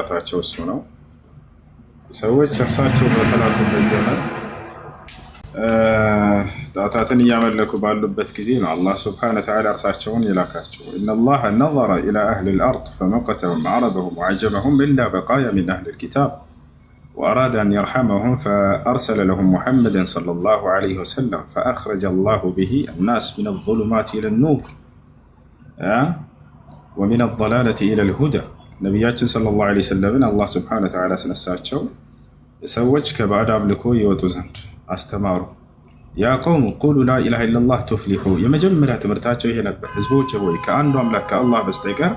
ጣታቸው እሱ ነው። ሰዎች እርሳቸው በተላኩበት ዘመን ጣታትን እያመለኩ ባሉበት ጊዜ ነው አላህ ስብሓነ ወተዓላ እርሳቸውን የላካቸው። ኢነላህ ነዘረ ኢላ አህሊል አርድ ፈመቀተሁም ዓረበሁም ወዐጀበሁም ኢላ በቃየ ሚን አህሊል ኪታብ ወአራደ አን የርሐመሁም ፈአርሰለ ለሁም ሙሐመደን ሰለላሁ ዐለይሂ ወሰለም ፈአኽረጀ አላሁ ቢሂ አናስ ሚነ ዙሉማት ኢለ ኑር ወሚነ ضላለቲ ኢለ ልሁዳ ነቢያችን ሰለላሁ ዓለይሂ ወሰለምን አላህ ስብሐነ ወተዓላ አስነሳቸው ሰዎች ከባዕድ አምልኮ ይወጡ ዘንድ አስተማሩ። ያ ቀውም ቁሉ ላኢላሃ ኢለላህ ቱፍሊሑ። የመጀመሪያ ትምህርታቸው ይሄ ነበር። ህዝቦች ሆይ ከአንዱ አምላክ ከአላህ በስተቀር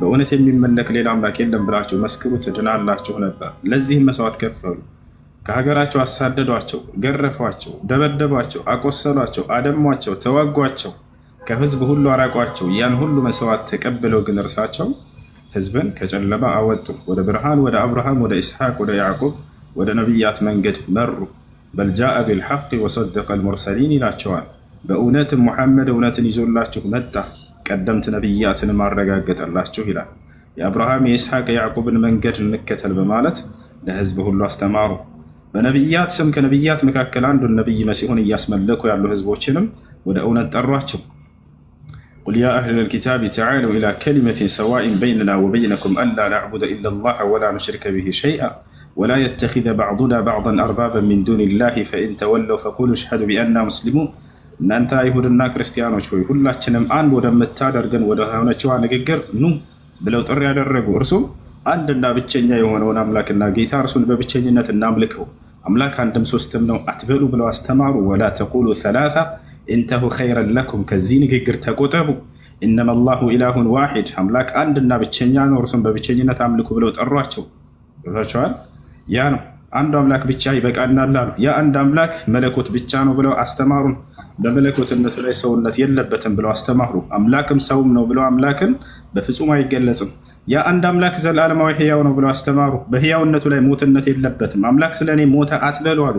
በእውነት የሚመለክ ሌላ አምላክ የለም ብላችሁ መስክሩ ትድናላችሁ ነበር። ለዚህም መስዋዕት ከፈሉ። ከሀገራቸው አሳደዷቸው፣ ገረፏቸው፣ ደበደቧቸው፣ አቆሰሏቸው፣ አደሟቸው፣ ተዋጓቸው፣ ከህዝብ ሁሉ አራቋቸው። ያን ሁሉ መስዋዕት ተቀብለው ግን እርሳቸው ህዝብን ከጨለማ አወጡ፣ ወደ ብርሃን፣ ወደ አብርሃም፣ ወደ ኢስሐቅ፣ ወደ ያዕቁብ፣ ወደ ነቢያት መንገድ መሩ። በልጃአ ቢልሐቅ ወሰደቀ ልሙርሰሊን ይላቸዋል። በእውነትም ሙሐመድ እውነትን ይዞላችሁ መጣ፣ ቀደምት ነቢያትንም አረጋገጠላችሁ ይላል። የአብርሃም የኢስሐቅ የያዕቁብን መንገድ እንከተል በማለት ለህዝብ ሁሉ አስተማሩ። በነቢያት ስም ከነቢያት መካከል አንዱን ነቢይ መሲሁን እያስመለኩ ያሉ ህዝቦችንም ወደ እውነት ጠሯቸው። قل يا أهل الكتاب تعالوا إلى كلمة سواء بيننا وبينكم ألا نعبد إلا الله ولا نشرك به شيئا ولا يتخذ بعضنا بعضا أربابا من دون الله فإن تولوا فقولوا اشهدوا بأننا مسلمون እናንተ አይሁድና ክርስቲያኖች ሆይ ሁላችንም አንድ ወደምታደርገን ወደ ሆነችዋ ንግግር ኑ ብለው ጥሪ ያደረጉ እርሱም አንድና ብቸኛ የሆነውን አምላክና ጌታ እርሱን በብቸኝነት እናምልከው አምላክ አንድም ሶስትም ነው አትበሉ ብለው አስተማሩ ወላ ተቁሉ ሰላሳ እንተሁ ኸይረን ለኩም ከዚህ ንግግር ተቆጠቡ። እነማ ላሁ ኢላሁን ዋሂድ አምላክ አንድና ብቸኛ ነው፣ እርሱም በብቸኝነት አምልኩ ብለው ጠሯቸው። ገብታችኋል? ያ ነው አንዱ አምላክ ብቻ ይበቃናል አሉ። ያ አንድ አምላክ መለኮት ብቻ ነው ብለው አስተማሩን። በመለኮትነቱ ላይ ሰውነት የለበትም ብለው አስተማሩ። አምላክም ሰውም ነው ብለው አምላክን በፍጹም አይገለጽም። ያ አንድ አምላክ ዘላለማዊ ህያው ነው ብለው አስተማሩ። በህያውነቱ ላይ ሞትነት የለበትም። አምላክ ስለእኔ ሞተ አትበሉ አሉ።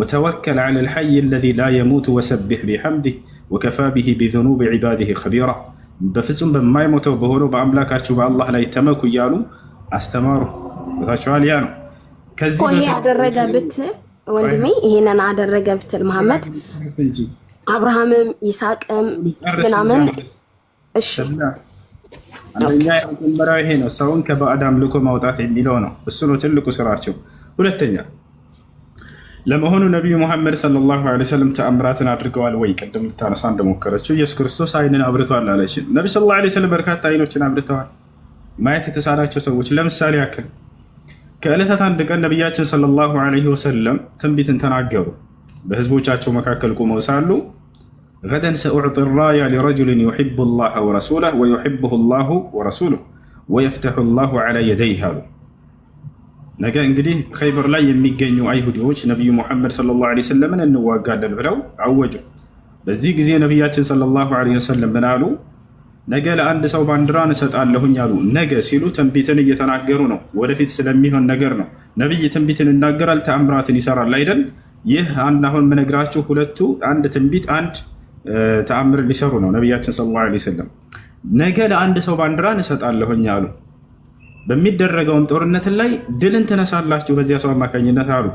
ወተወከል ዐለ ልሐይ አለዚ ላ የሙት ወሰቢሕ ቢሐምዲህ ወከፋ ብህ ቢዙኑብ ዒባዲህ ኸቢራ። በፍጹም በማይሞተው በሆነው በአምላካችሁ በአላህ ላይ ተመኩ እያሉ አስተማሩ። ታችኋል ያ ነው። ከዚህ ይሄ አደረገ ብትል ወንድሜ፣ ይሄንን አደረገ ብትል መሐመድ አብርሃምም ይስሐቅም ምናምን እሺ አንደኛ የመጀመሪያው ይሄ ነው፣ ሰውን ከባዕድ አምልኮ ማውጣት የሚለው ነው። እሱ ነው ትልቁ ስራቸው። ሁለተኛ ለመሆኑ ነቢዩ መሐመድ ሰለላሁ ዓለይሂ ወሰለም ተአምራትን አድርገዋል ወይ? ቅድም ልታነሳ እንደሞከረችው ኢየሱስ ክርስቶስ አይንን አብርቷል አለች። ነቢ ሰለላሁ ዓለይሂ ወሰለም በርካታ አይኖችን አብርተዋል፣ ማየት የተሳናቸው ሰዎች። ለምሳሌ ያክል ከዕለታት አንድ ቀን ነቢያችን ሰለላሁ ዓለይሂ ወሰለም ትንቢትን ተናገሩ። በህዝቦቻቸው መካከል ቁመው ሳሉ ገደን ሰኡዕጢ ራያ ሊረጁልን ዩሒቡ ላህ ወረሱለህ ወዩሒቡሁ ላሁ ወረሱሉህ ወየፍተሑ ላሁ ዓላ የደይህ አሉ። ነገ እንግዲህ ኸይበር ላይ የሚገኙ አይሁዲዎች ነቢዩ ሙሐመድ ሰለላሁ ዐለይሂ ወሰለምን እንዋጋለን ብለው አወጁ። በዚህ ጊዜ ነቢያችን ሰለላሁ ዐለይሂ ወሰለም ምን አሉ? ነገ ለአንድ ሰው ባንዲራን እሰጣለሁኝ አሉ። ነገ ሲሉ ትንቢትን እየተናገሩ ነው። ወደፊት ስለሚሆን ነገር ነው። ነቢይ ትንቢትን ይናገራል፣ ተአምራትን ይሰራል አይደል? ይህ አንድ አሁን ምነግራችሁ ሁለቱ አንድ ትንቢት፣ አንድ ተአምር ሊሰሩ ነው ነቢያችን ሰለላሁ ዐለይሂ ወሰለም። ነገ ለአንድ ሰው ባንዲራን እሰጣለሁኝ አሉ። በሚደረገውም ጦርነት ላይ ድልን ትነሳላችሁ በዚያ ሰው አማካኝነት አሉ።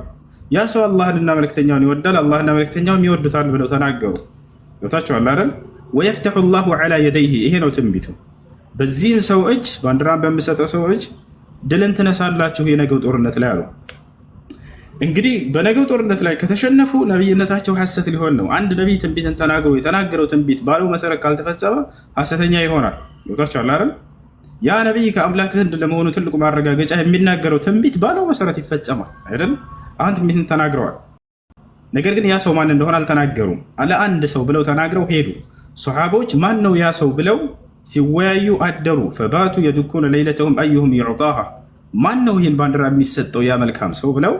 ያ ሰው አላህንና መልክተኛውን ይወዳል፣ አላህና መልክተኛውም ይወዱታል ብለው ተናገሩ። ገብታችኋል አይደል? ወየፍተሑ ላሁ ዐላ የደይህ ይሄ ነው ትንቢቱ። በዚህም ሰው እጅ ባንዲራን በምሰጠው ሰው እጅ ድልን ትነሳላችሁ የነገው ጦርነት ላይ አሉ። እንግዲህ በነገው ጦርነት ላይ ከተሸነፉ ነቢይነታቸው ሐሰት ሊሆን ነው። አንድ ነቢይ ትንቢትን ተናግሮ የተናገረው ትንቢት ባለው መሰረት ካልተፈጸመ ሐሰተኛ ይሆናል። ገብታችኋል አይደል? ያ ነቢይ ከአምላክ ዘንድ ለመሆኑ ትልቁ ማረጋገጫ የሚናገረው ትንቢት ባለው መሰረት ይፈጸማል አይደል? አሁን ትንቢትን ተናግረዋል። ነገር ግን ያ ሰው ማን እንደሆነ አልተናገሩም። አለ አንድ ሰው ብለው ተናግረው ሄዱ። ሶሓቦች ማን ነው ያ ሰው ብለው ሲወያዩ አደሩ። ፈባቱ የድኩነ ሌይለተሁም አዩሁም ይዕጣሃ ማን ነው ይህን ባንዲራ የሚሰጠው ያ መልካም ሰው ብለው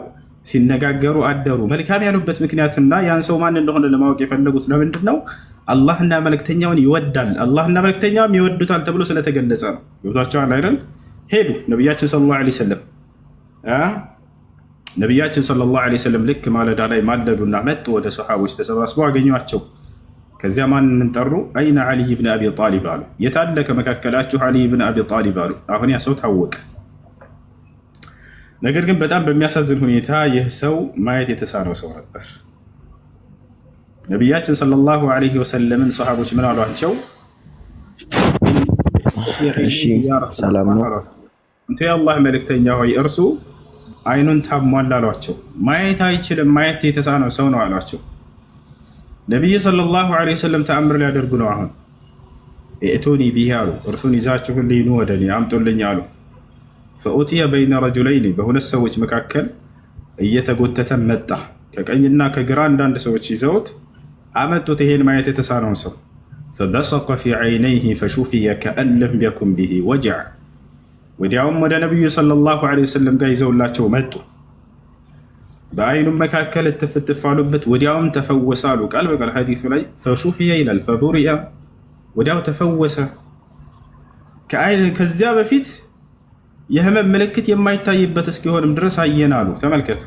ሲነጋገሩ አደሩ። መልካም ያሉበት ምክንያትና ያን ሰው ማን እንደሆነ ለማወቅ የፈለጉት ለምንድን ነው? አላህና መልክተኛውን ይወዳል፣ አላህና መልክተኛውም ይወዱታል ተብሎ ስለተገለጸ ነው። ገብቷቸዋል አይደል? ሄዱ ነቢያችን ሰለላሁ ዐለይሂ ወሰለም ነቢያችን ሰለላሁ ዐለይሂ ወሰለም ልክ ማለዳ ላይ ማለዱና መጡ። ወደ ሰሓቦች ተሰባስበው አገኟቸው። ከዚያ ማንን ጠሩ? አይነ አልይ ብን አቢ ጣሊብ አሉ። የታለ ከመካከላችሁ አልይ ብን አቢ ጣሊብ አሉ። አሁን ያ ሰው ታወቀ። ነገር ግን በጣም በሚያሳዝን ሁኔታ ይህ ሰው ማየት የተሳነው ሰው ነበር። ነቢያችን ሰለላሁ ዐለይሂ ወሰለምን ሰሃቦች ምን አሏቸው? እንቱ ነው የአላህ መልእክተኛ ሆይ እርሱ አይኑን ታሟል አሏቸው። ማየት አይችልም፣ ማየት የተሳነው ሰው ነው አሏቸው። ነቢይ ሰለላሁ ዐለይሂ ወሰለም ተአምር ሊያደርጉ ነው። አሁን እቶኒ ቢሄ አሉ። እርሱን ይዛችሁልኝ ኑ ወደ እኔ አምጦልኝ አሉ። ፈኡትየ በይነ ረጁለይኒ በሁለት ሰዎች መካከል እየተጎተተ መጣ። ከቀኝና ከግራ አንዳንድ ሰዎች ይዘውት አመጡት። ይሄን ማየት የተሳነውን ሰው ፈበሰቀ ፊ ዓይነይህ ፈሹፍየ ከአን ለም የኩን ወጅዕ። ወዲያውም ወደ ነቢዩ ሰለላሁ ዐለይሂ ወሰለም ጋር ይዘውላቸው መጡ። በአይኑም መካከል እትፍትፍ ወዲያውም ተፈወሰ አሉ። ቃል በቃል ሐዲሱ ላይ ፈሹፍየ ይላል። ፈቡሪያ ወዲያው ተፈወሰ። ከዚያ በፊት የህመም ምልክት የማይታይበት እስኪሆንም ድረስ አየን አሉ። ተመልከቱ።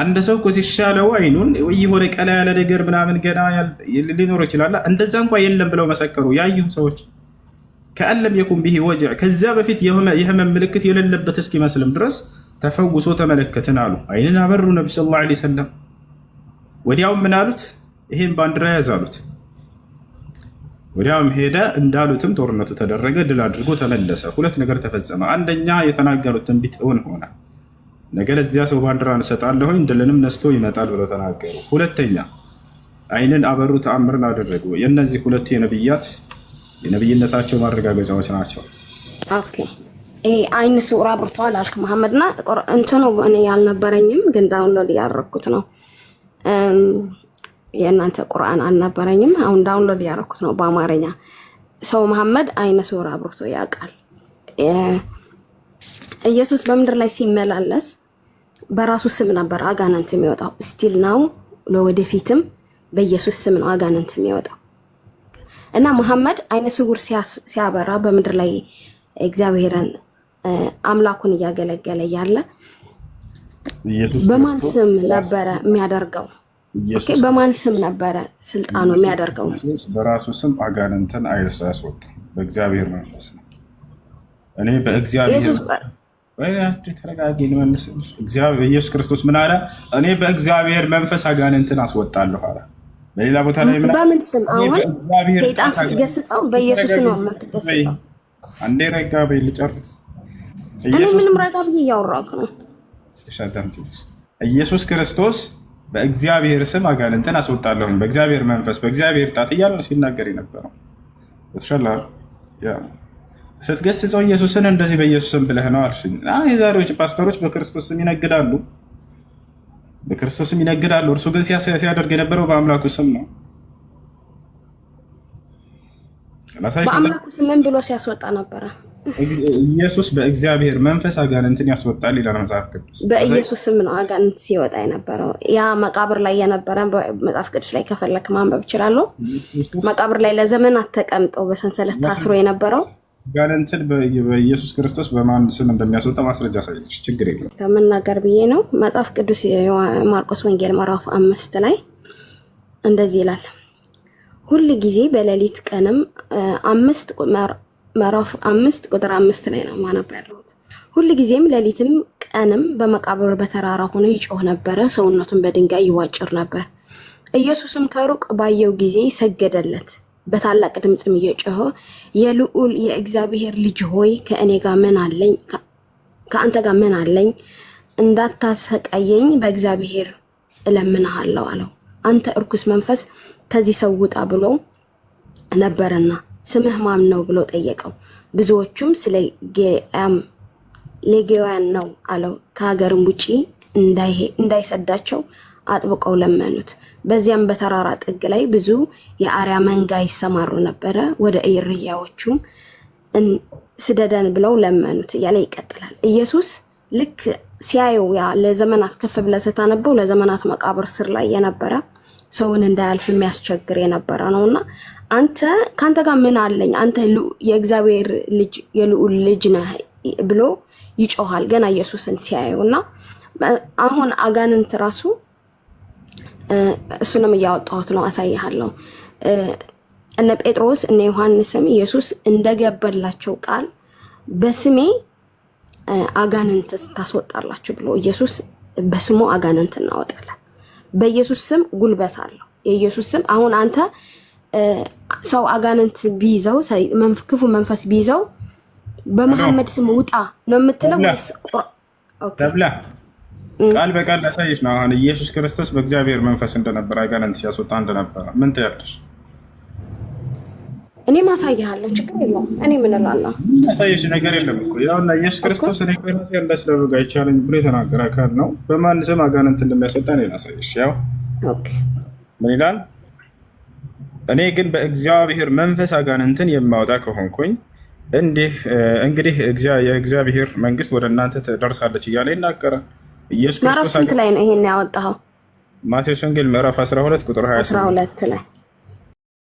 አንድ ሰው እኮ ሲሻለው አይኑን የሆነ ቀላ ያለ ነገር ምናምን ገና ሊኖር ይችላል። እንደዛ እንኳ የለም ብለው መሰከሩ። ያዩ ሰዎች ከአለም የኩም ብሄ ወጅዕ ከዚያ በፊት የህመም ምልክት የሌለበት እስኪመስልም ድረስ ተፈውሶ ተመለከትን አሉ። አይንን አበሩ ነቢ ስ ላ ሰለም። ወዲያውም ምን አሉት? ይሄን ባንዲራ ያዝ አሉት። ወዲያውም ሄደ፣ እንዳሉትም ጦርነቱ ተደረገ፣ ድል አድርጎ ተመለሰ። ሁለት ነገር ተፈጸመ። አንደኛ የተናገሩት ትንቢት እውን ሆነ። ነገ ለዚያ ሰው ባንዲራ እንሰጣለሁኝ ድልንም ነስቶ ይመጣል ብለው ተናገሩ። ሁለተኛ አይንን አበሩ፣ ተአምርን አደረጉ። የእነዚህ ሁለቱ የነብያት የነብይነታቸው ማረጋገጫዎች ናቸው። አይን ስውር አብርተዋል አልክ መሐመድና እንትኑ እኔ ያልነበረኝም ግን ዳውንሎድ ያደረግኩት ነው የእናንተ ቁርአን አልነበረኝም። አሁን ዳውንሎድ ያደረኩት ነው በአማርኛ። ሰው መሐመድ አይነ ስውር አብርቶ ያውቃል። ኢየሱስ በምድር ላይ ሲመላለስ በራሱ ስም ነበር አጋነንት የሚወጣው። ስቲል ናው ለወደፊትም በኢየሱስ ስም ነው አጋነንት የሚወጣው እና መሐመድ አይነ ስውር ሲያበራ በምድር ላይ እግዚአብሔርን አምላኩን እያገለገለ ያለ በማን ስም ነበረ የሚያደርገው? በማን ስም ነበረ ስልጣኑ የሚያደርገው? በራሱ ስም አጋንንትን አይርስ ያስወጣ በእግዚአብሔር መንፈስ ነው። እኔ በእግዚአብሔር ተረጋጊ ኢየሱስ ክርስቶስ ምን አለ? እኔ በእግዚአብሔር መንፈስ አጋንንትን አስወጣለሁ አለ። በሌላ ቦታ ላይ በምን ስም አሁን ሰይጣን ስትገስጸው በኢየሱስ ነው የምትገስጸው። አንዴ ረጋ በይ ልጨርስ። እኔ ምንም ረጋ ብዬ እያወራሁ ነው። ኢየሱስ ክርስቶስ በእግዚአብሔር ስም አጋንንትን አስወጣለሁኝ በእግዚአብሔር መንፈስ በእግዚአብሔር ጣት እያለ ሲናገር የነበረው ሻላል ስትገስጸው ኢየሱስን እንደዚህ በኢየሱስ ስም ብለህ ነው አልሽኝ። የዛሬዎች ፓስተሮች በክርስቶስ ስም ይነግዳሉ፣ በክርስቶስ ስም ይነግዳሉ። እርሱ ግን ሲያደርግ የነበረው በአምላኩ ስም ነው። በአምላኩ ስምን ብሎ ሲያስወጣ ነበረ። ኢየሱስ በእግዚአብሔር መንፈስ አጋንንትን ያስወጣል ይላል መጽሐፍ ቅዱስ። በኢየሱስ ስም ነው አጋንንት ሲወጣ የነበረው። ያ መቃብር ላይ የነበረ መጽሐፍ ቅዱስ ላይ ከፈለክ ማንበብ እችላለሁ። መቃብር ላይ ለዘመናት ተቀምጦ በሰንሰለት ታስሮ የነበረው አጋንንትን በኢየሱስ ክርስቶስ በማን ስም እንደሚያስወጣ ማስረጃ ሳይለች ችግር የለም ከመናገር ብዬ ነው። መጽሐፍ ቅዱስ ማርቆስ ወንጌል ምዕራፍ አምስት ላይ እንደዚህ ይላል ሁል ጊዜ በሌሊት ቀንም አምስት ምዕራፍ አምስት ቁጥር አምስት ላይ ነው ማነብ ያለሁት። ጊዜም ሌሊትም ቀንም በመቃብር በተራራ ሆኖ ይጮህ ነበረ፣ ሰውነቱን በድንጋይ ይዋጭር ነበር። ኢየሱስም ከሩቅ ባየው ጊዜ ሰገደለት። በታላቅ ድምፅም እየጮኸ የልዑል የእግዚአብሔር ልጅ ሆይ ከእኔ ጋር ምን አለኝ? ከአንተ ጋር ምን አለኝ? እንዳታሰቀየኝ በእግዚአብሔር እለምንሃለሁ አለው። አንተ እርኩስ መንፈስ ከዚህ ሰው ውጣ ብሎ ነበርና ስምህ ማን ነው ብሎ ጠየቀው። ብዙዎቹም ስለ ሌጌውያን ነው አለው። ከሀገርም ውጪ እንዳይሰዳቸው አጥብቀው ለመኑት። በዚያም በተራራ ጥግ ላይ ብዙ የአርያ መንጋ ይሰማሩ ነበረ። ወደ እርያዎቹም ስደደን ብለው ለመኑት እያለ ይቀጥላል። ኢየሱስ ልክ ሲያየው ያ ለዘመናት ከፍ ብለህ ስታነበው ለዘመናት መቃብር ስር ላይ የነበረ ሰውን እንዳያልፍ የሚያስቸግር የነበረ ነው እና አንተ ከአንተ ጋር ምን አለኝ አንተ የእግዚአብሔር ልጅ የልዑል ልጅ ነህ ብሎ ይጮኋል ገና ኢየሱስን ሲያየው እና አሁን አጋንንት ራሱ እሱንም እያወጣሁት ነው አሳይሃለሁ። እነ ጴጥሮስ እነ ዮሐንስም ኢየሱስ እንደገበላቸው ቃል በስሜ አጋንንት ታስወጣላችሁ ብሎ ኢየሱስ በስሙ አጋንንት እናወጣለን። በኢየሱስ ስም ጉልበት አለው። የኢየሱስ ስም አሁን አንተ ሰው አጋንንት ቢይዘው ክፉ መንፈስ ቢይዘው በመሐመድ ስም ውጣ ነው የምትለው ወይስ ተብላ ቃል በቃል ላሳየሽ ነው? አሁን ኢየሱስ ክርስቶስ በእግዚአብሔር መንፈስ እንደነበረ አጋንንት ሲያስወጣ እንደነበረ ምን ትያለሽ? እኔ ማሳያለሁ፣ ችግር የለውም። እኔ ምን እላለሁ? ያሳየሽ ነገር የለም እኮ ያውና ኢየሱስ ክርስቶስ እኔ ከራሴ እንዳስደርግ አይቻለኝ ብሎ የተናገረ አካል ነው። በማን ስም አጋንንት እንደሚያስወጣ እኔ ላሳየሽ። ያው ምን ይላል? እኔ ግን በእግዚአብሔር መንፈስ አጋንንትን የማወጣ ከሆንኩኝ እንዲህ እንግዲህ የእግዚአብሔር መንግስት ወደ እናንተ ትደርሳለች እያለ ይናገረ ኢየሱስ ክርስቶስ ላይ ነው ይሄን ያወጣው ማቴዎስ ወንጌል ምዕራፍ 12 ቁጥር 22 ላይ